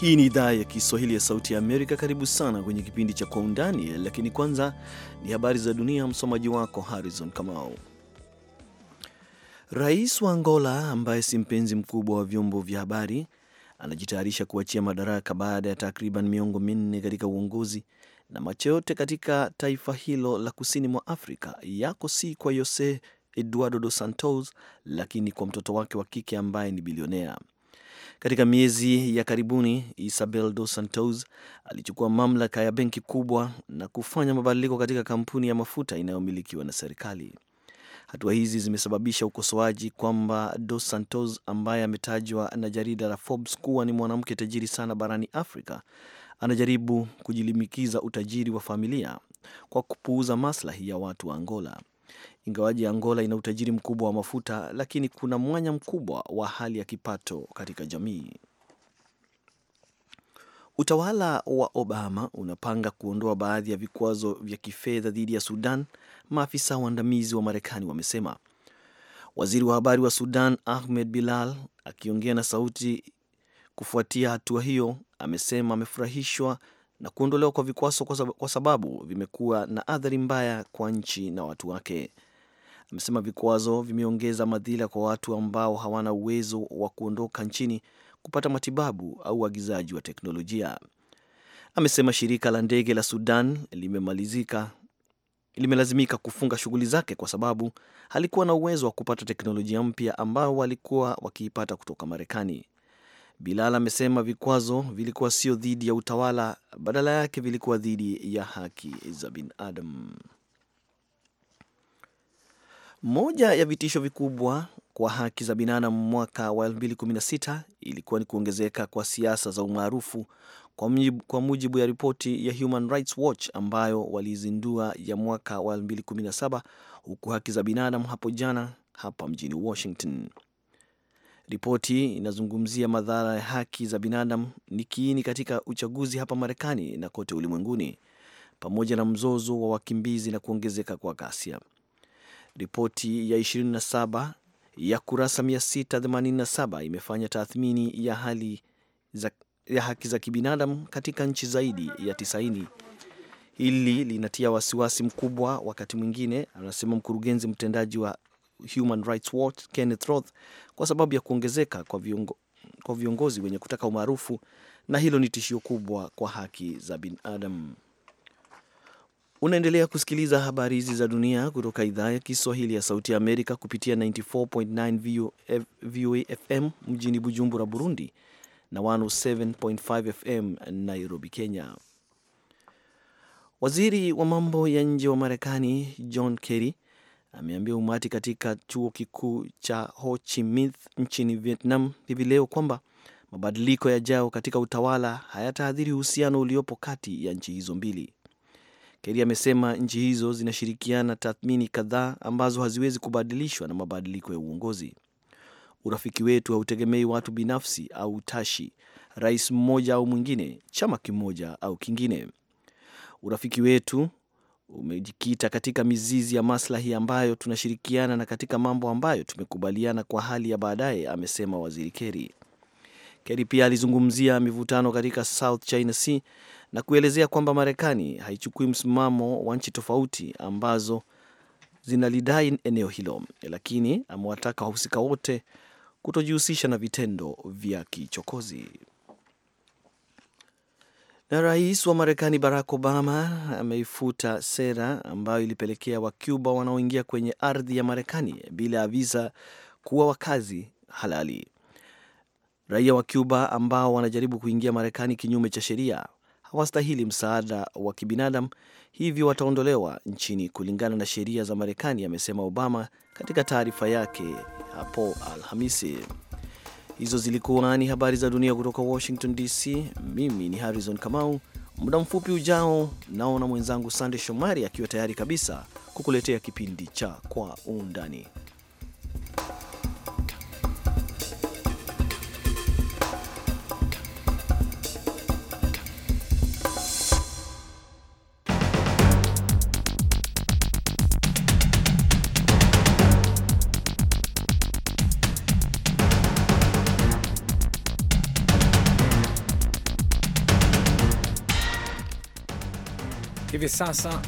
Hii ni idhaa ya Kiswahili ya Sauti ya Amerika. Karibu sana kwenye kipindi cha Kwa Undani, lakini kwanza ni habari za dunia. Msomaji wako Harrison Kamau. Rais wa Angola ambaye si mpenzi mkubwa wa vyombo vya habari anajitayarisha kuachia madaraka baada ya takriban miongo minne katika uongozi, na macho yote katika taifa hilo la kusini mwa Afrika yako si kwa Jose Eduardo dos Santos, lakini kwa mtoto wake wa kike ambaye ni bilionea. Katika miezi ya karibuni, Isabel Dos Santos alichukua mamlaka ya benki kubwa na kufanya mabadiliko katika kampuni ya mafuta inayomilikiwa na serikali. Hatua hizi zimesababisha ukosoaji kwamba Dos Santos ambaye ametajwa na jarida la Forbes kuwa ni mwanamke tajiri sana barani Afrika anajaribu kujilimikiza utajiri wa familia kwa kupuuza maslahi ya watu wa Angola. Ingawaji Angola ina utajiri mkubwa wa mafuta, lakini kuna mwanya mkubwa wa hali ya kipato katika jamii. Utawala wa Obama unapanga kuondoa baadhi ya vikwazo vya kifedha dhidi ya Sudan, maafisa waandamizi wa Marekani wamesema. Waziri wa habari wa Sudan Ahmed Bilal akiongea na Sauti kufuatia hatua hiyo amesema amefurahishwa na kuondolewa kwa vikwaso kwa sababu vimekuwa na athari mbaya kwa nchi na watu wake. Amesema vikwazo vimeongeza madhila kwa watu ambao hawana uwezo wa kuondoka nchini kupata matibabu au uagizaji wa teknolojia. Amesema shirika la ndege la Sudan limemalizika limelazimika kufunga shughuli zake kwa sababu halikuwa na uwezo wa kupata teknolojia mpya ambao walikuwa wakiipata kutoka Marekani. Bilal amesema vikwazo vilikuwa sio dhidi ya utawala, badala yake vilikuwa dhidi ya haki za binadamu. Moja ya vitisho vikubwa kwa haki za binadamu mwaka wa 2016 ilikuwa ni kuongezeka kwa siasa za umaarufu, kwa mujibu ya ripoti ya Human Rights Watch ambayo walizindua ya mwaka wa 2017, huku haki za binadamu hapo jana hapa mjini Washington. Ripoti inazungumzia madhara ya haki za binadamu ni kiini katika uchaguzi hapa Marekani na kote ulimwenguni, pamoja na mzozo wa wakimbizi na kuongezeka kwa ghasia. Ripoti ya 27 ya kurasa 687 imefanya tathmini ya hali za, ya haki za kibinadamu katika nchi zaidi ya 90. Hili linatia wasiwasi mkubwa wakati mwingine, anasema mkurugenzi mtendaji wa Human Rights Watch Kenneth Roth kwa sababu ya kuongezeka kwa, viongo, kwa viongozi wenye kutaka umaarufu na hilo ni tishio kubwa kwa haki za binadamu. Unaendelea kusikiliza habari hizi za dunia kutoka idhaa ya Kiswahili ya Sauti ya Amerika kupitia 94.9 VOA FM mjini Bujumbura, Burundi na 107.5 FM Nairobi, Kenya. Waziri wa mambo ya nje wa Marekani John Kerry ameambia umati katika chuo kikuu cha Ho Chi Minh nchini Vietnam hivi leo kwamba mabadiliko yajao katika utawala hayataathiri uhusiano uliopo kati ya nchi hizo mbili. Keri amesema nchi hizo zinashirikiana tathmini kadhaa ambazo haziwezi kubadilishwa na mabadiliko ya uongozi. Urafiki wetu hautegemei watu binafsi au utashi, rais mmoja au mwingine, chama kimoja au kingine. Urafiki wetu umejikita katika mizizi ya maslahi ambayo tunashirikiana na katika mambo ambayo tumekubaliana kwa hali ya baadaye, amesema waziri Keri. Keri pia alizungumzia mivutano katika South China Sea na kuelezea kwamba Marekani haichukui msimamo wa nchi tofauti ambazo zinalidai eneo hilo, lakini amewataka wahusika wote kutojihusisha na vitendo vya kichokozi. Na rais wa Marekani Barack Obama ameifuta sera ambayo ilipelekea Wacuba wanaoingia kwenye ardhi ya Marekani bila ya visa kuwa wakazi halali. Raia wa Cuba ambao wanajaribu kuingia Marekani kinyume cha sheria hawastahili msaada wa kibinadamu, hivyo wataondolewa nchini kulingana na sheria za Marekani, amesema Obama katika taarifa yake hapo Alhamisi. Hizo zilikuwa ni habari za dunia kutoka Washington DC. Mimi ni Harrison Kamau. Muda mfupi ujao, naona mwenzangu Sande Shomari akiwa tayari kabisa kukuletea kipindi cha Kwa Undani. sasa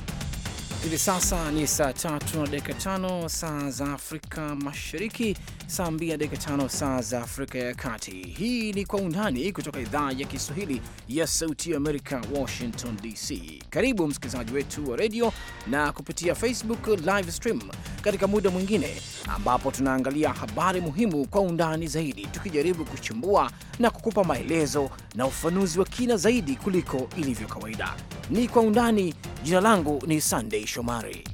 hivi sasa ni saa tatu na dakika tano saa za Afrika Mashariki, saa 2 na dakika 5 saa za Afrika ya Kati. Hii ni Kwa Undani kutoka idhaa ya Kiswahili ya Sauti ya Amerika, Washington DC. Karibu msikilizaji wetu wa redio na kupitia Facebook live stream katika muda mwingine ambapo tunaangalia habari muhimu kwa undani zaidi, tukijaribu kuchimbua na kukupa maelezo na ufanuzi wa kina zaidi kuliko ilivyo kawaida. Ni Kwa Undani. Jina langu ni Sandei Shomari.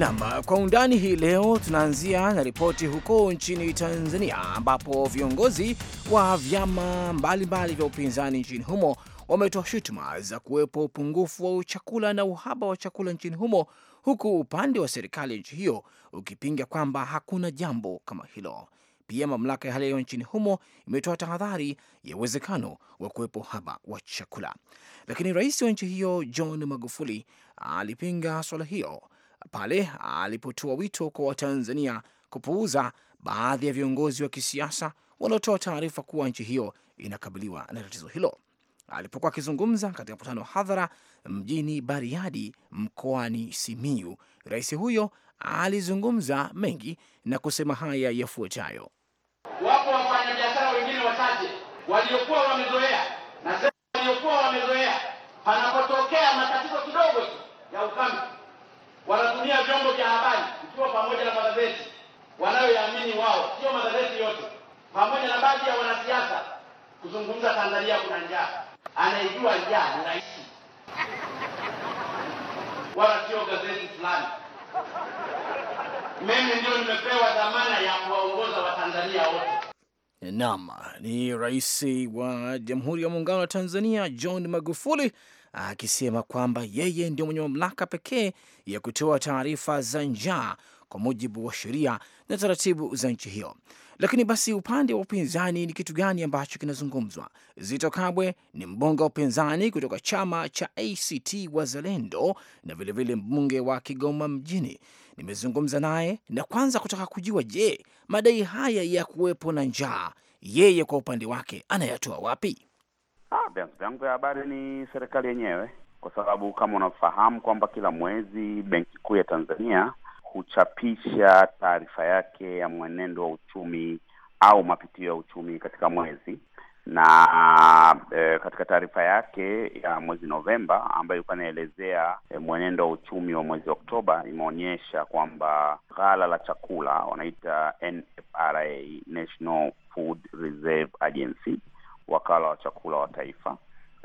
Nam, kwa undani hii leo tunaanzia na ripoti huko nchini Tanzania ambapo viongozi wa vyama mbalimbali vya upinzani nchini humo wametoa shutuma za kuwepo upungufu wa chakula na uhaba wa chakula nchini humo huku upande wa serikali nchi hiyo ukipinga kwamba hakuna jambo kama hilo. Pia mamlaka ya hali ya hewa nchini humo imetoa tahadhari ya uwezekano wa kuwepo uhaba wa chakula, lakini rais wa nchi hiyo John Magufuli alipinga swala hiyo pale alipotoa wito kwa Watanzania kupuuza baadhi ya viongozi wa kisiasa wanaotoa taarifa kuwa nchi hiyo inakabiliwa na tatizo hilo. Alipokuwa akizungumza katika mkutano wa hadhara mjini Bariadi mkoani Simiyu, rais huyo alizungumza mengi na kusema haya yafuatayo: wapo wafanyabiashara wengine wachache waliokuwa wamezoea na sasa waliokuwa wamezoea, panapotokea matatizo kidogo ya ukame wanatumia vyombo vya habari ikiwa pamoja na magazeti wanayoyaamini wao, sio magazeti yote, pamoja na baadhi ya wanasiasa kuzungumza Tanzania kuna njaa. Anaijua njaa ni rais, wala sio gazeti fulani. Mimi ndio nimepewa dhamana ya kuwaongoza Watanzania wote. Naam, ni Rais wa Jamhuri ya Muungano wa Tanzania John Magufuli akisema kwamba yeye ndio mwenye mamlaka pekee ya kutoa taarifa za njaa kwa mujibu wa sheria na taratibu za nchi hiyo. Lakini basi upande wa upinzani ni kitu gani ambacho kinazungumzwa? Zito Kabwe ni mbunge wa upinzani kutoka chama cha ACT Wazalendo na vilevile mbunge wa Kigoma Mjini. Nimezungumza naye na kwanza kutaka kujua, je, madai haya ya kuwepo na njaa yeye kwa upande wake anayatoa wapi? Ah, vyanzo vyangu vya habari ni serikali yenyewe, kwa sababu kama unafahamu kwamba kila mwezi Benki Kuu ya Tanzania huchapisha taarifa yake ya mwenendo wa uchumi au mapitio ya uchumi katika mwezi na e, katika taarifa yake ya mwezi Novemba ambayo ilikuwa inaelezea e, mwenendo wa uchumi wa mwezi Oktoba imeonyesha kwamba ghala la chakula wanaita NFRA, National Food Reserve Agency wakala wa chakula wa taifa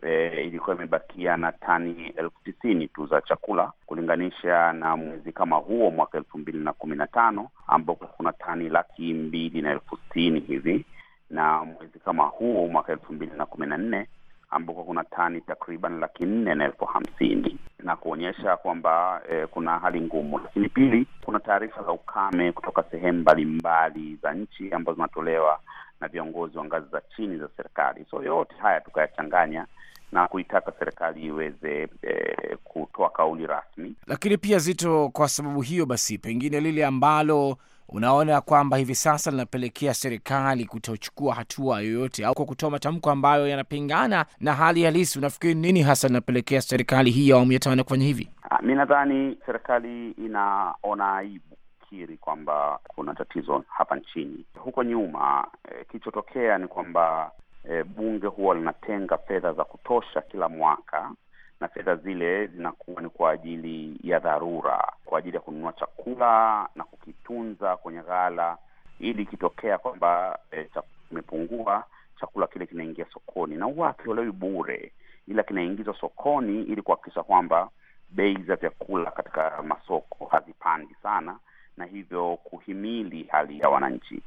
e, ilikuwa imebakia na tani elfu tisini tu za chakula kulinganisha na mwezi kama huo mwaka elfu mbili na kumi na tano ambapo kuna tani laki mbili na elfu sitini hivi na mwezi kama huo mwaka elfu mbili na kumi na nne ambako kuna tani takriban laki nne na elfu hamsini na kuonyesha kwamba e, kuna hali ngumu. Lakini pili, kuna taarifa za ukame kutoka sehemu mbalimbali za nchi ambazo zinatolewa na viongozi wa ngazi za chini za serikali. So yote haya tukayachanganya na kuitaka serikali iweze e, kutoa kauli rasmi. Lakini pia Zito, kwa sababu hiyo basi, pengine lile ambalo unaona kwamba hivi sasa linapelekea serikali kutochukua hatua yoyote au kwa kutoa matamko ambayo yanapingana na hali halisi, unafikiri nini hasa linapelekea serikali hii ya awamu ya tano kufanya hivi? Ah, mi nadhani serikali inaona aibu kukiri kwamba kuna tatizo hapa nchini. Huko nyuma e, eh, kilichotokea ni kwamba e, bunge huwa linatenga fedha za kutosha kila mwaka na fedha zile zinakuwa ni kwa ajili ya dharura, kwa ajili ya kununua chakula na kukitunza kwenye ghala, ili ikitokea kwamba e, eh, imepungua chakula kile kinaingia sokoni, na huwa hakitolewi bure, ila kinaingizwa sokoni ili kuhakikisha kwamba bei za vyakula katika masoko hazipandi sana, na hivyo kuhimili hali ya wananchi.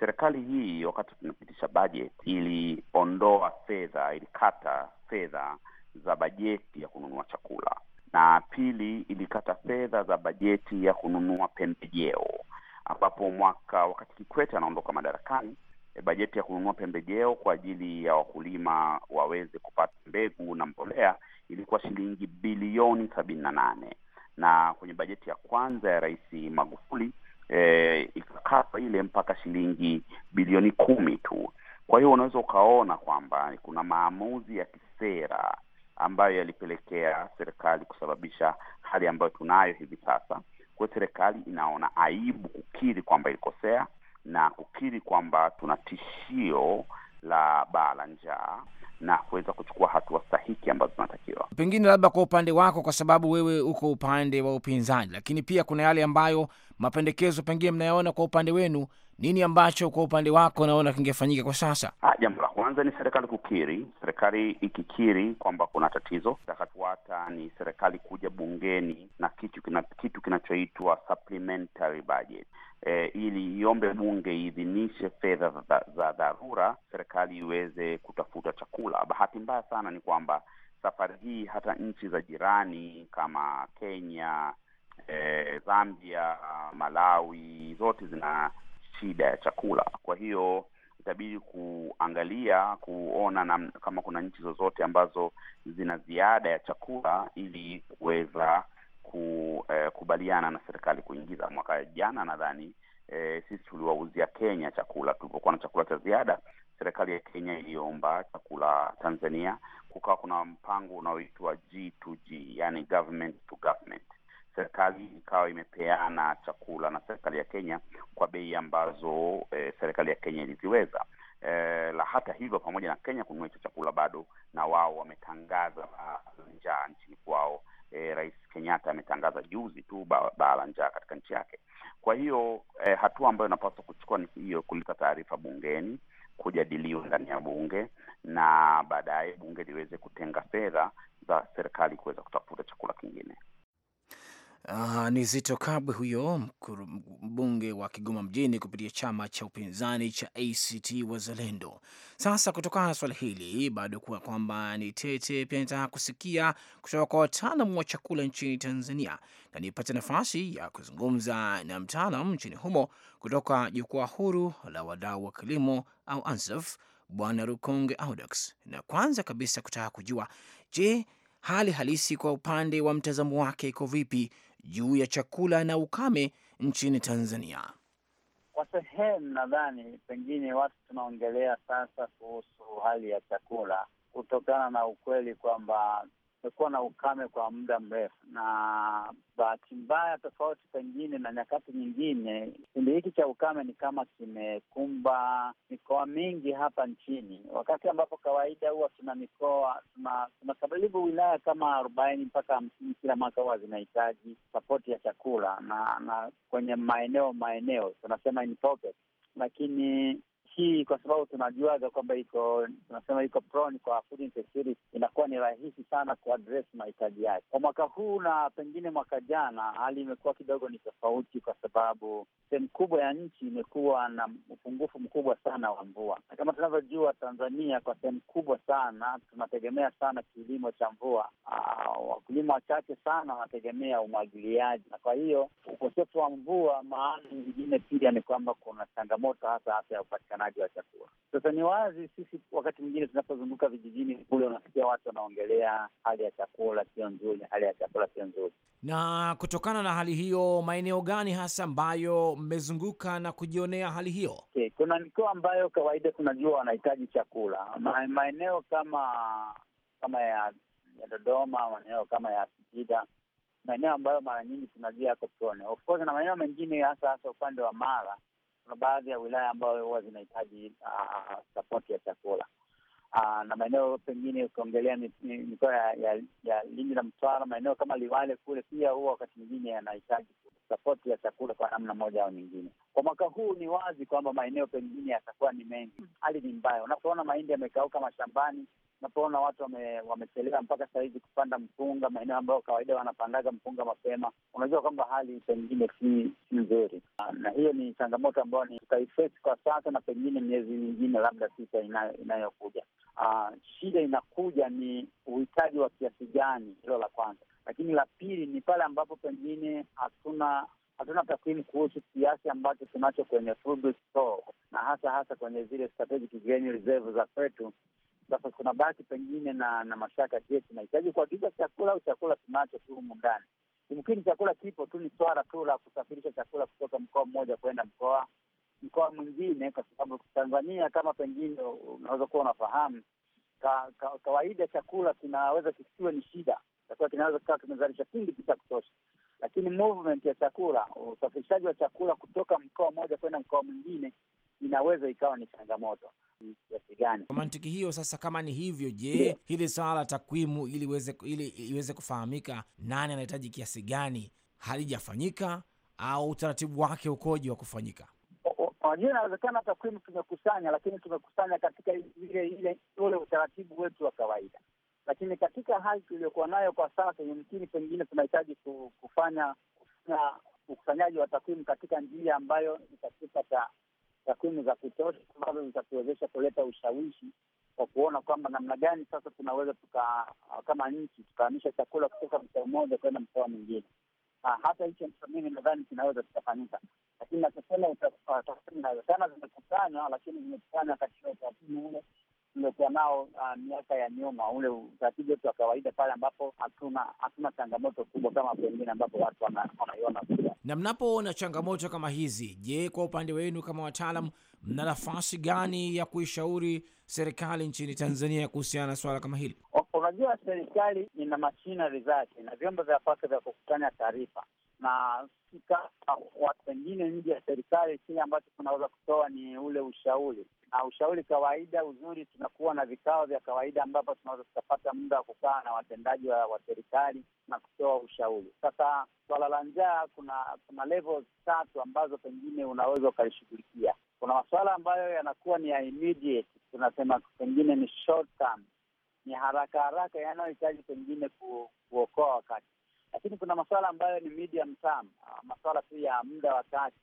Serikali hii wakati tunapitisha bajeti iliondoa fedha, ilikata fedha za bajeti ya kununua chakula, na pili ilikata fedha za bajeti ya kununua pembejeo, ambapo mwaka wakati Kikwete anaondoka madarakani eh, bajeti ya kununua pembejeo kwa ajili ya wakulima waweze kupata mbegu na mbolea ilikuwa shilingi bilioni sabini na nane na kwenye bajeti ya kwanza ya Rais Magufuli eh, ikakatwa ile mpaka shilingi bilioni kumi tu. Kwa hiyo unaweza ukaona kwamba kuna maamuzi ya kisera ambayo yalipelekea serikali kusababisha hali ambayo tunayo hivi sasa. kwao serikali inaona aibu kukiri kwamba ilikosea na kukiri kwamba tuna tishio la baa la njaa na kuweza kuchukua hatua stahiki ambazo zinatakiwa. Pengine labda kwa upande wako, kwa sababu wewe uko upande wa upinzani, lakini pia kuna yale ambayo mapendekezo pengine mnayaona kwa upande wenu. Nini ambacho kwa upande wako naona kingefanyika kwa sasa? Ah, jambo la kwanza ni serikali kukiri, serikali ikikiri kwamba kuna tatizo. Itakafuata ni serikali kuja bungeni na kitu kitu kinachoitwa supplementary budget eh, ili iombe bunge iidhinishe fedha za dharura serikali iweze kutafuta chakula. Bahati mbaya sana ni kwamba safari hii hata nchi za jirani kama Kenya, eh, Zambia, Malawi zote zina shida ya chakula. Kwa hiyo itabidi kuangalia kuona na, kama kuna nchi zozote ambazo zina ziada ya chakula ili kuweza kukubaliana eh, na serikali kuingiza mwaka jana, nadhani e, sisi tuliwauzia Kenya chakula tulipokuwa na chakula cha ziada. Serikali ya Kenya iliomba chakula Tanzania, kukawa kuna mpango unaoitwa G2G, yani government to government. Serikali ikawa imepeana chakula na serikali ya Kenya kwa bei ambazo e, serikali ya Kenya iliziweza. E, la hata hivyo, pamoja na Kenya kununua hicho chakula, bado na wao wametangaza ah, njaa nchini kwao eh, Rais Kenyatta ametangaza juzi tu baa la njaa katika nchi yake. Kwa hiyo eh, hatua ambayo inapaswa kuchukua ni hiyo, kuleta taarifa bungeni, kujadiliwa ndani ya bunge na baadaye bunge liweze kutenga fedha za serikali kuweza kutafuta chakula kingine. Uh, ni Zito Kabwe huyo mbunge wa Kigoma mjini kupitia chama cha upinzani cha ACT Wazalendo. Sasa kutokana na swala hili bado kuwa kwamba ni tete, pia nitaka kusikia kutoka kwa wataalam wa chakula nchini Tanzania, na nipate nafasi ya kuzungumza na mtaalam nchini humo kutoka Jukwaa Huru la Wadau wa Kilimo au ANSAF, Bwana Rukonge Audax, na kwanza kabisa kutaka kujua, je, hali halisi kwa upande wa mtazamo wake iko vipi juu ya chakula na ukame nchini Tanzania? Kwa sehemu nadhani pengine watu tunaongelea sasa kuhusu hali ya chakula kutokana na ukweli kwamba kumekuwa na ukame kwa muda mrefu, na bahati mbaya, tofauti pengine na nyakati nyingine, kipindi hiki cha ukame ni kama kimekumba mikoa mingi hapa nchini, wakati ambapo kawaida huwa tuna mikoa tuna wilaya kama arobaini mpaka hamsini kila mwaka huwa zinahitaji sapoti ya chakula, na na kwenye maeneo maeneo tunasema in pocket, lakini hii kwa sababu tunajuaga kwamba iko tunasema iko prone kwa food insecurity, inakuwa ni rahisi sana kuaddress mahitaji yake. Kwa mwaka huu na pengine mwaka jana, hali imekuwa kidogo ni tofauti, kwa sababu sehemu kubwa ya nchi imekuwa na upungufu mkubwa sana wa mvua, na kama tunavyojua Tanzania kwa sehemu kubwa sana tunategemea sana kilimo cha mvua. Ah, wakulima wachache sana wanategemea umwagiliaji, na kwa hiyo ukosefu wa mvua, maana nyingine pia ni kwamba kuna changamoto hasa hasa ya upatikanaji upatikanaji wa chakula. Sasa ni wazi, sisi wakati mwingine tunapozunguka vijijini kule, unasikia watu wanaongelea hali ya chakula sio nzuri, hali ya chakula sio nzuri. Na kutokana na hali hiyo, maeneo gani hasa ambayo mmezunguka na kujionea hali hiyo? Okay, kuna mikoa ambayo kawaida tunajua wanahitaji chakula, maeneo kama kama ya ya Dodoma, maeneo kama ya Singida, maeneo ambayo mara nyingi tunajua yako prone, of course, na maeneo mengine hasa hasa upande wa Mara kuna baadhi ya wilaya ambayo huwa zinahitaji uh, ah, sapoti ya chakula uh, na maeneo pengine ukiongelea mikoa ya, ya, ya Lindi na Mtwara, maeneo kama Liwale kule pia huwa wakati mwingine yanahitaji sapoti ya chakula kwa namna moja au nyingine. Kwa mwaka huu ni wazi kwamba maeneo pengine yatakuwa ni mengi, mm. hali ni mbaya. Unapoona mahindi yamekauka mashambani unapoona watu wame, wamechelewa mpaka sahizi kupanda mpunga maeneo ambayo kawaida wanapandaga mpunga mapema, unajua kwamba hali pengine si si nzuri, na hiyo ni changamoto ambayo ni tutaiface kwa sasa na pengine miezi mingine labda sita inayokuja. Uh, shida inakuja ni uhitaji wa kiasi gani, hilo la kwanza, lakini la pili ni pale ambapo pengine hatuna hatuna takwimu kuhusu kiasi ambacho tunacho kwenye food store na hasa hasa kwenye zile strategic grain reserve za kwetu, sasa kuna baki pengine na na mashaka, je, tunahitaji kuagiza chakula au chakula tunacho tu humu ndani? Kimkini chakula kipo tu, ni swala tu la kusafirisha chakula kutoka mkoa mmoja kwenda mkoa mkoa mwingine, kwa sababu Tanzania kama pengine unaweza kuwa unafahamu ka, ka, kawaida chakula kinaweza kisiwe ni shida, chakula kinaweza kikawa kimezalisha kingi tu kutosha, lakini movement ya chakula, usafirishaji wa chakula kutoka mkoa mmoja kwenda mkoa mwingine inaweza ikawa ni changamoto kiasi gani. Kwa mantiki hiyo sasa, kama ni hivyo, je, hili swala la takwimu ili iweze ili iweze kufahamika nani anahitaji kiasi gani halijafanyika au utaratibu wake ukoje wa kufanyika? Wajua, inawezekana takwimu tumekusanya, lakini tumekusanya katika ile ile ule utaratibu wetu wa kawaida, lakini katika hali tuliyokuwa nayo kwa sasa, yumkini pengine tunahitaji kufanya kufanya ukusanyaji wa takwimu katika njia ambayo ni katika takwimu za kutosha ambazo zitatuwezesha kuleta ushawishi kwa kuona kwamba namna gani sasa tunaweza tuka, kama nchi tukahamisha chakula kutoka mkoa mmoja kwenda mkoa mwingine. Ah, hata hicho mimi nadhani kinaweza kikafanyika, lakini nachosema uh, takwimu inawezekana zimekusanywa, lakini zimekusanywa katika utaratibu ule tumekuwa nao ah, miaka ya nyuma, ule utaratibu wetu wa kawaida pale ambapo hatuna hatuna changamoto kubwa kama pengine ambapo watu wanaiona kubwa. Na mnapoona changamoto kama hizi, je, kwa upande wenu kama wataalam, mna nafasi gani ya kuishauri serikali nchini Tanzania kuhusiana na swala kama hili? Unajua, serikali ina mashinari zake na vyombo vya kwake vya kukusanya taarifa na watu wengine nje ya serikali, kile ambacho tunaweza kutoa ni ule ushauri na ushauri. Kawaida uzuri, tunakuwa na vikao vya kawaida ambapo tunaweza tukapata muda wa kukaa na watendaji wa, wa serikali na kutoa ushauri. Sasa swala la njaa, kuna kuna levels tatu ambazo pengine unaweza ukalishughulikia. Kuna masuala ambayo yanakuwa ni ya immediate, tunasema pengine ni short term, ni haraka haraka, yanayohitaji pengine ku, kuokoa wakati lakini kuna masuala ambayo ni medium term, ah, masuala tu ya muda wa kati,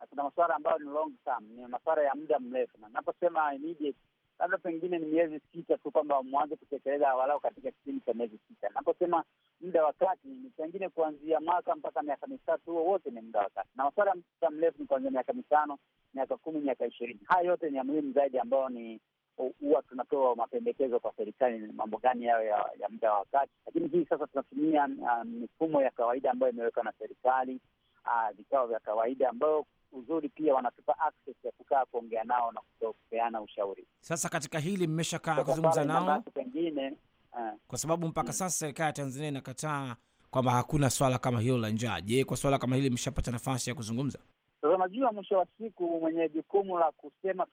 na kuna masuala ambayo ni long term, ni masuala ya muda mrefu. Na naposema immediate, labda pengine ni miezi sita tu kwamba mwanze kutekeleza walau katika kipindi cha miezi sita. Naposema muda wa kati, ni pengine kuanzia mwaka mpaka miaka mitatu, huo wote ni muda wa kati, na masuala ya muda mrefu ni kuanzia miaka mitano, miaka kumi, miaka ishirini. Haya yote ni ya muhimu zaidi, ambayo ni huwa tunatoa mapendekezo kwa serikali ni mambo gani yayo ya, ya muda wa wakati lakini hii sasa tunatumia ah, mifumo um, ya kawaida ambayo imewekwa na serikali uh, vikao vya kawaida ambayo uzuri pia wanatupa access ya kukaa kuongea nao na kupeana ushauri. Sasa katika hili mmeshakaa kuzungumza nao pengine uh, kwa sababu mpaka mm, sasa serikali ya Tanzania inakataa kwamba hakuna swala kama hilo la njaa. Je, kwa swala kama hili mshapata nafasi ya kuzungumza? unajua, mwisho wa siku mwenye jukumu la kusema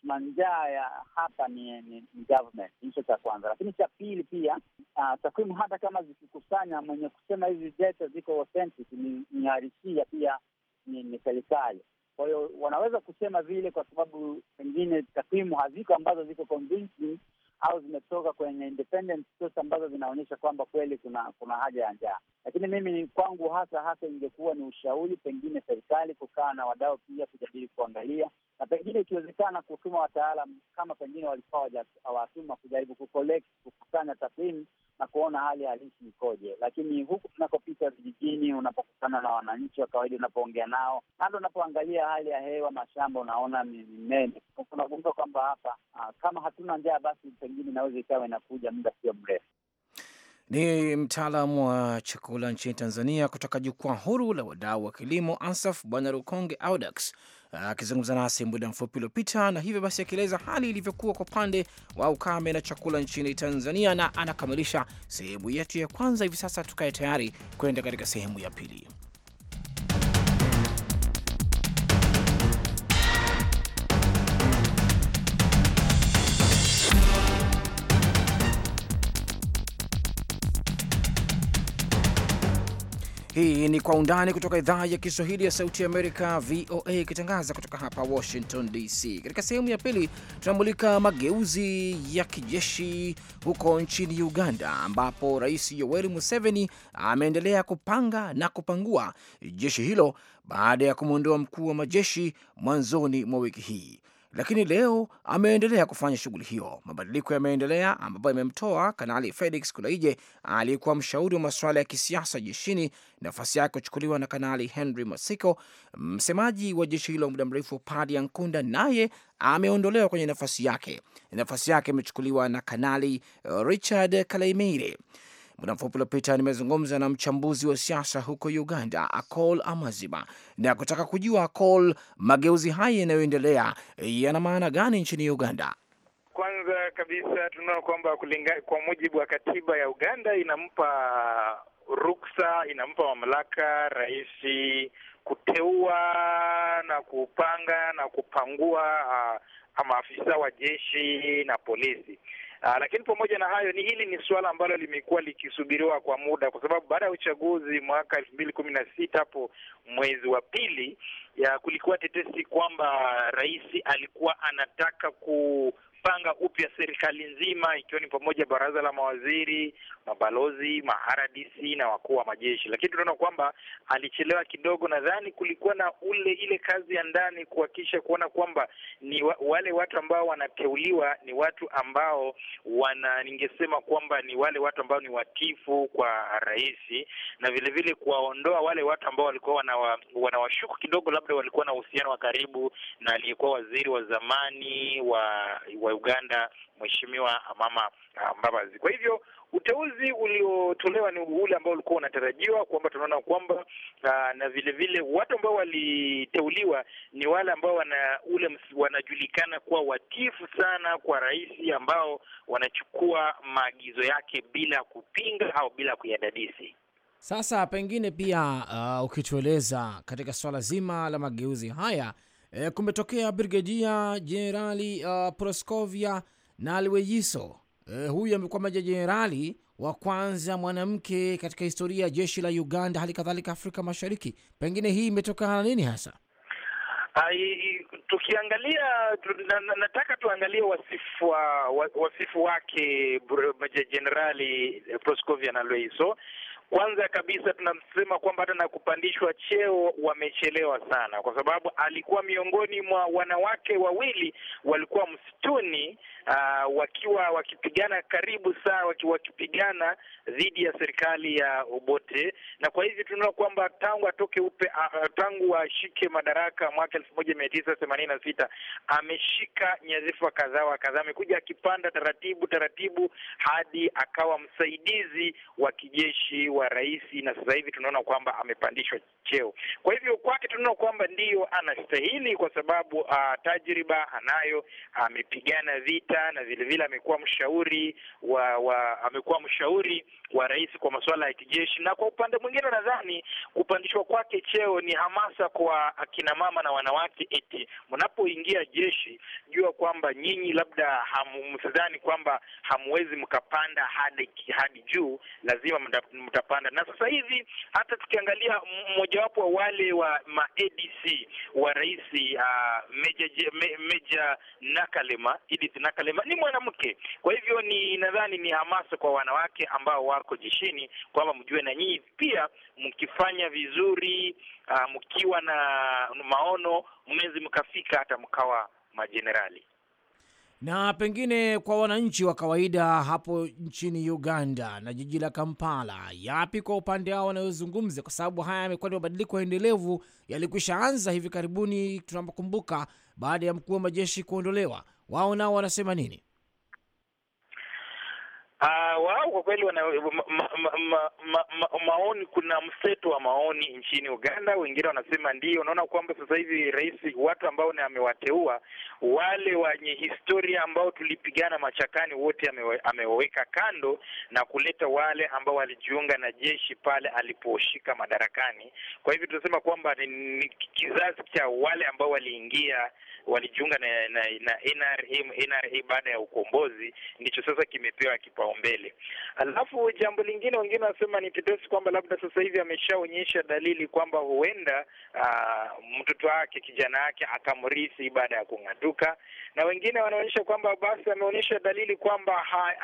tuna njaa ya hapa ni, ni, ni government. Hicho cha kwanza, lakini cha pili pia uh, takwimu hata kama zikikusanya, mwenye kusema hizi data ziko authentic ni, ni harisia pia ni, ni serikali. Kwa hiyo wanaweza kusema vile kwa sababu pengine takwimu haziko ambazo ziko convincing au zimetoka kwenye independent source ambazo zinaonyesha kwamba kweli kuna kuna haja ya njaa. Lakini mimi kwangu hasa hasa ingekuwa ni ushauri, pengine serikali kukaa na wadau pia kujadili, kuangalia na pengine ikiwezekana kutuma wataalam kama pengine walikuwa hawawatuma, kujaribu kukolekt, kukusanya takwimu na kuona hali halisi ikoje. Lakini huku tunakopita vijijini, unapokutana na wananchi wa kawaida, unapoongea nao, hando, unapoangalia hali ya hewa, mashamba, unaona mnene. unagundua kwamba hapa ah, kama hatuna njaa, basi pengine inaweza ikawa inakuja muda sio mrefu. Ni mtaalamu wa chakula nchini Tanzania kutoka Jukwaa Huru la Wadau wa Kilimo, ANSAF, Bwana Rukonge Audax akizungumza nasi muda mfupi uliopita, na hivyo basi akieleza hali ilivyokuwa kwa upande wa ukame na chakula nchini Tanzania, na anakamilisha sehemu yetu ya kwanza. Hivi sasa tukae tayari kwenda katika sehemu ya pili. Hii ni Kwa Undani kutoka idhaa ya Kiswahili ya Sauti ya Amerika, VOA, ikitangaza kutoka hapa Washington DC. Katika sehemu ya pili, tunamulika mageuzi ya kijeshi huko nchini Uganda, ambapo Rais Yoweri Museveni ameendelea kupanga na kupangua jeshi hilo baada ya kumwondoa mkuu wa majeshi mwanzoni mwa wiki hii lakini leo ameendelea kufanya shughuli hiyo. Mabadiliko yameendelea ambapo yamemtoa Kanali Felix Kulaije aliyekuwa mshauri wa masuala ya kisiasa jeshini, nafasi yake kuchukuliwa na Kanali Henry Masiko, msemaji wa jeshi hilo muda mrefu Padi Nkunda naye ameondolewa kwenye nafasi yake. Nafasi yake imechukuliwa na Kanali eh, Richard Kalaimire. Muda mfupi uliopita nimezungumza na mchambuzi wa siasa huko Uganda, Acol Amazima, na kutaka kujua Acol, mageuzi haya yanayoendelea yana maana gani nchini Uganda? Kwanza kabisa tunaona kwamba kwa mujibu wa katiba ya Uganda inampa ruksa, inampa mamlaka rais kuteua na kupanga na kupangua uh, ah, maafisa wa jeshi na polisi. Aa, ah, lakini pamoja na hayo ni hili ni suala ambalo limekuwa likisubiriwa kwa muda, kwa sababu baada ya uchaguzi mwaka elfu mbili kumi na sita hapo mwezi wa pili ya kulikuwa tetesi kwamba rais alikuwa anataka ku kupanga upya serikali nzima, ikiwa ni pamoja baraza la mawaziri, mabalozi, maharadisi na wakuu wa majeshi. Lakini tunaona kwamba alichelewa kidogo. Nadhani kulikuwa na ule ile kazi ya ndani kuhakikisha kuona kwamba ni wa, wale watu ambao wanateuliwa ni watu ambao wana, ningesema kwamba ni wale watu ambao ni watifu kwa rais, na vilevile kuwaondoa wale watu ambao walikuwa wanawashuku wana kidogo, labda walikuwa na uhusiano wa karibu na aliyekuwa waziri wa zamani wa, wa wa Uganda Mheshimiwa Amama ah, Mbabazi. Kwa hivyo uteuzi uliotolewa ni ule ambao ulikuwa unatarajiwa kwamba tunaona kwamba ah, na vile vile watu ambao waliteuliwa ni wale ambao wana ule wanajulikana kuwa watifu sana kwa rais, ambao wanachukua maagizo yake bila kupinga au bila kuyadadisi. Sasa pengine pia uh, ukitueleza katika swala zima la mageuzi haya e, kumetokea Brigedia Jenerali uh, Proskovia Nalweyiso. E, huyu amekuwa meja jenerali wa kwanza mwanamke katika historia ya jeshi la Uganda, hali kadhalika Afrika Mashariki. Pengine hii imetokana na nini hasa? Ai, ah, tukiangalia nataka tuangalie wasifu wa, wasifu wake Meja Jenerali Proskovia Nalweyiso kwanza kabisa tunamsema kwamba hata na kupandishwa cheo wamechelewa sana, kwa sababu alikuwa miongoni mwa wanawake wawili walikuwa msituni uh, wakiwa wakipigana karibu wakiwa wakipigana dhidi ya serikali ya Obote, na kwa hivyo tunaona kwamba tangu atoke upe uh, tangu ashike madaraka mwaka elfu moja mia tisa themanini na sita ameshika nyadhifa kadhaa wa kadhaa, amekuja akipanda taratibu taratibu hadi akawa msaidizi wa kijeshi wa rais, na sasa hivi tunaona kwamba amepandishwa cheo. Kwa hivyo kwake tunaona kwamba ndiyo anastahili, kwa sababu uh, tajriba anayo, amepigana vita na vilevile amekuwa mshauri wa, wa amekuwa mshauri wa rais kwa masuala ya kijeshi, na kwa upande mwingine nadhani kupandishwa kwake cheo ni hamasa kwa akina mama na wanawake, eti mnapoingia jeshi jua kwamba nyinyi labda msidhani kwamba hamwezi mkapanda hadi hadi juu, lazima mda, kupanda. Na sasa hivi hata tukiangalia mmojawapo wa wale wa ma ADC wa rais uh, Meja, me, Meja Nakalema, Edith Nakalema ni mwanamke. Kwa hivyo ni nadhani ni hamasa kwa wanawake ambao wako jeshini kwamba mjue na nyinyi pia mkifanya vizuri uh, mkiwa na maono mwezi mkafika hata mkawa majenerali. Na pengine kwa wananchi wa kawaida hapo nchini Uganda na jiji la Kampala, yapi kwa upande wao wanayozungumza? Kwa sababu haya yamekuwa ni mabadiliko endelevu, yalikwisha anza hivi karibuni, tunapokumbuka baada ya mkuu wa majeshi kuondolewa. Wao nao wanasema nini? Uh, wao kwa kweli wana ma, ma, ma, ma, ma, maoni, kuna mseto wa maoni nchini Uganda. Wengine wanasema ndio, unaona kwamba sasa hivi rais, watu ambao ni amewateua wale wenye historia ambao tulipigana machakani wote ameweka kando na kuleta wale ambao walijiunga na jeshi pale aliposhika madarakani. Kwa hivyo tunasema kwamba ni kizazi cha wale ambao waliingia walijiunga na, na, na NRM, NRA baada ya ukombozi ndicho sasa kimepewa kipa kipaumbele. Alafu jambo lingine, wengine wanasema ni tetesi kwamba labda sasa hivi ameshaonyesha dalili kwamba huenda ah, mtoto wake kijana wake akamrithi baada ya kung'atuka, na wengine wanaonyesha kwamba basi ameonyesha dalili kwamba ha,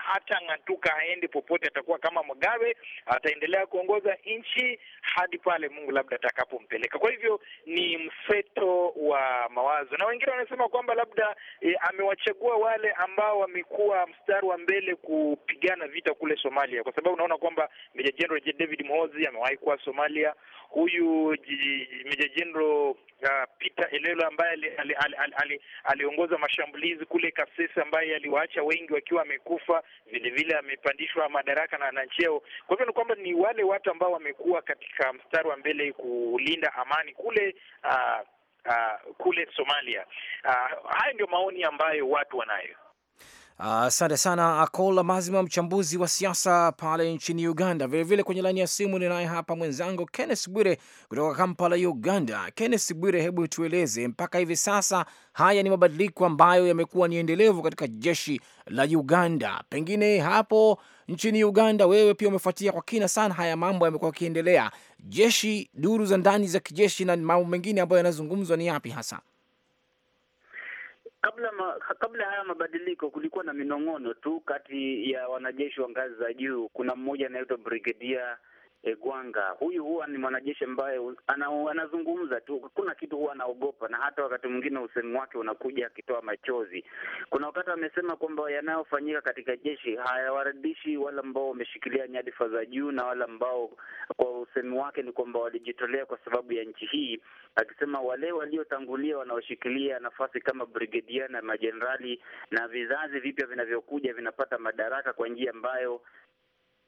ngatuka haendi popote, atakuwa kama Mugabe, ataendelea kuongoza nchi hadi pale Mungu labda atakapompeleka. Kwa hivyo ni mseto wa mawazo, na wengine wanasema kwamba labda e, amewachagua wale ambao wamekuwa mstari wa mbele kupigana vita kule Somalia, kwa sababu unaona kwamba Meja Jenerali David Mozi amewahi kuwa Somalia, huyu Meja Jenerali uh, Peter Elelo ambaye aliongoza ali, ali, ali, ali, ali mashambulizi kule Kasese ambaye yaliwaacha wengi wakiwa wamekufa, vilevile amepandishwa madaraka na ana cheo. Kwa hivyo ni kwamba ni wale watu ambao wamekuwa katika mstari wa mbele kulinda amani kule uh, uh, kule Somalia. Uh, haya ndio maoni ambayo watu wanayo. Asante uh, sana Akola Mazima, mchambuzi wa siasa pale nchini Uganda. Vilevile vile kwenye laini ya simu ninaye hapa mwenzangu Kennes Bwire kutoka Kampala, Uganda. Kennes Bwire, hebu tueleze mpaka hivi sasa, haya ni mabadiliko ambayo yamekuwa ni endelevu katika jeshi la Uganda. Pengine hapo nchini Uganda wewe pia umefuatia kwa kina sana haya mambo yamekuwa yakiendelea, jeshi, duru za ndani za kijeshi na mambo mengine ambayo yanazungumzwa, ni yapi hasa? kabla ma, kabla haya mabadiliko kulikuwa na minong'ono tu kati ya wanajeshi wa ngazi za juu. Kuna mmoja anaitwa brigedia e, Gwanga. Huyu huwa ni mwanajeshi ambaye anazungumza tu, kuna kitu huwa anaogopa, na hata wakati mwingine usemi wake unakuja akitoa machozi. Kuna wakati amesema kwamba yanayofanyika katika jeshi hayawaridishi wale ambao wameshikilia nyadhifa za juu na wale ambao, kwa usemi wake, ni kwamba walijitolea kwa sababu ya nchi hii, akisema wale waliotangulia wanaoshikilia nafasi kama brigedia na majenerali na vizazi vipya vinavyokuja vinapata madaraka kwa njia ambayo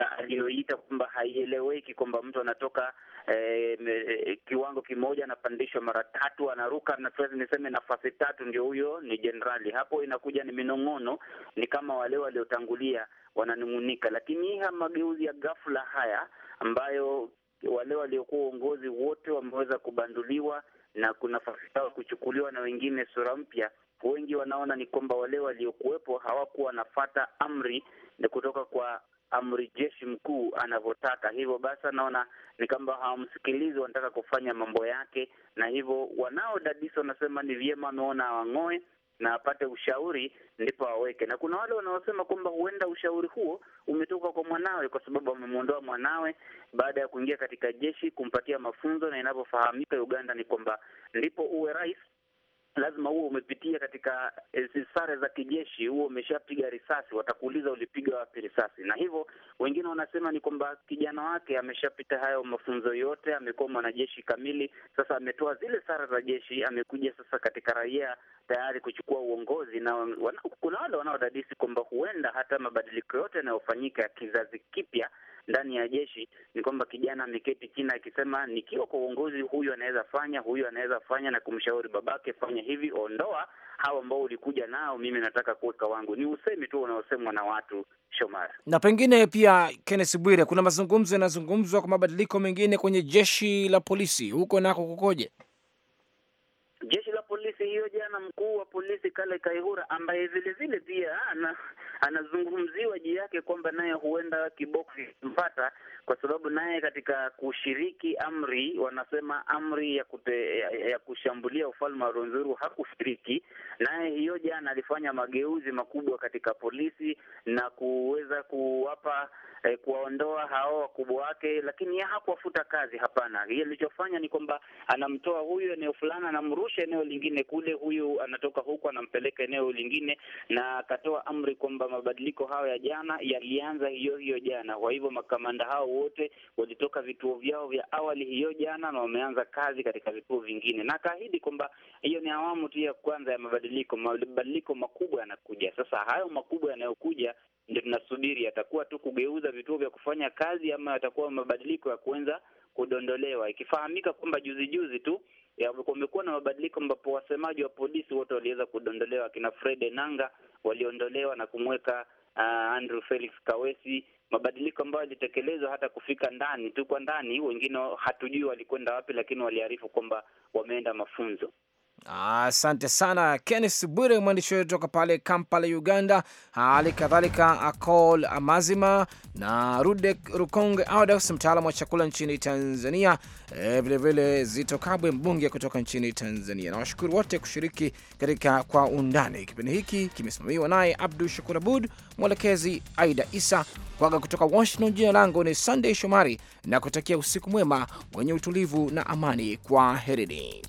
aliyoita kwamba haieleweki kwamba mtu anatoka e, kiwango kimoja anapandishwa mara tatu, anaruka na niseme nafasi tatu, ndio huyo ni jenerali. Hapo inakuja ni minong'ono, ni kama wale waliotangulia wananung'unika, lakini ha mageuzi ya ghafla haya ambayo wale waliokuwa uongozi wote wameweza kubanduliwa na nafasi zao kuchukuliwa na wengine sura mpya. Wengi wanaona ni kwamba wale waliokuwepo hawakuwa wanafata amri kutoka kwa amri jeshi mkuu anavyotaka. Hivyo basi, anaona ni kwamba hawamsikilizi, wanataka kufanya mambo yake, na hivyo wanaodadisi wanasema ni vyema ameona wang'oe na apate ushauri ndipo aweke. Na kuna wale wanaosema kwamba huenda ushauri huo umetoka kwa mwanawe, kwa sababu amemwondoa mwanawe baada ya kuingia katika jeshi kumpatia mafunzo, na inavyofahamika Uganda ni kwamba ndipo uwe rais lazima huo umepitia katika eh, sare za kijeshi, huo umeshapiga risasi, watakuuliza ulipiga wapi risasi. Na hivyo wengine wanasema ni kwamba kijana wake ameshapita hayo mafunzo yote, amekuwa mwanajeshi kamili, sasa ametoa zile sare za jeshi, amekuja sasa katika raia tayari kuchukua uongozi. Na wana, kuna wale wanaodadisi kwamba huenda hata mabadiliko yote yanayofanyika ya kizazi kipya ndani ya jeshi ni kwamba kijana ameketi chini akisema, nikiwa kwa uongozi, huyu anaweza fanya, huyu anaweza fanya, na kumshauri babake, fanya hivi, ondoa hawa ambao ulikuja nao, mimi nataka kuweka wangu. Ni usemi tu unaosemwa na watu, Shomara. Na pengine pia, Kenneth Bwire, kuna mazungumzo yanazungumzwa kwa mabadiliko mengine kwenye jeshi la polisi, huko nako kukoje? Jeshi la polisi hiyo, jana mkuu wa polisi Kale Kaihura ambaye vilevile pia ana anazungumziwa juu yake kwamba naye huenda kiboko mpata kwa sababu naye katika kushiriki amri, wanasema amri ya, kute, ya, ya kushambulia ufalme wa Rwenzururu hakushiriki. Naye hiyo jana alifanya mageuzi makubwa katika polisi na kuweza kuwapa eh, kuwaondoa hao wakubwa wake, lakini ye hakuwafuta kazi, hapana. Yeye alichofanya ni kwamba anamtoa huyu eneo fulani, anamrusha eneo lingine kule, huyu anatoka huku anampeleka eneo lingine, na akatoa amri kwamba mabadiliko hayo ya jana yalianza hiyo hiyo jana. Kwa hivyo makamanda hao wote walitoka vituo vyao vya awali hiyo jana na wameanza kazi katika vituo vingine, na akaahidi kwamba hiyo ni awamu tu ya kwanza ya mabadiliko. Mabadiliko makubwa yanakuja sasa. Hayo makubwa yanayokuja ndio tunasubiri, yatakuwa tu kugeuza vituo vya kufanya kazi ama yatakuwa mabadiliko ya kuanza kudondolewa, ikifahamika kwamba juzi juzi tu kumekuwa na mabadiliko ambapo wasemaji wa polisi wote waliweza kudondolewa. Akina Fred Enanga waliondolewa na kumweka uh, Andrew Felix Kawesi, mabadiliko ambayo yalitekelezwa hata kufika ndani tu kwa ndani. Wengine hatujui walikwenda wapi, lakini waliarifu kwamba wameenda mafunzo. Asante sana Kennes Bwire, mwandishi wetu kutoka pale Kampala, Uganda. Hali kadhalika Akol Amazima na Rudek Rukonge Audas, mtaalamu wa chakula nchini Tanzania, vilevile vile Zito Kabwe, mbunge kutoka nchini Tanzania. nawashukuru wote kushiriki katika Kwa Undani. Kipindi hiki kimesimamiwa naye Abdu Shakur Abud, mwelekezi Aida Isa kwaga kutoka Washington. Jina langu ni Sunday Shomari na kutakia usiku mwema wenye utulivu na amani. Kwa herini.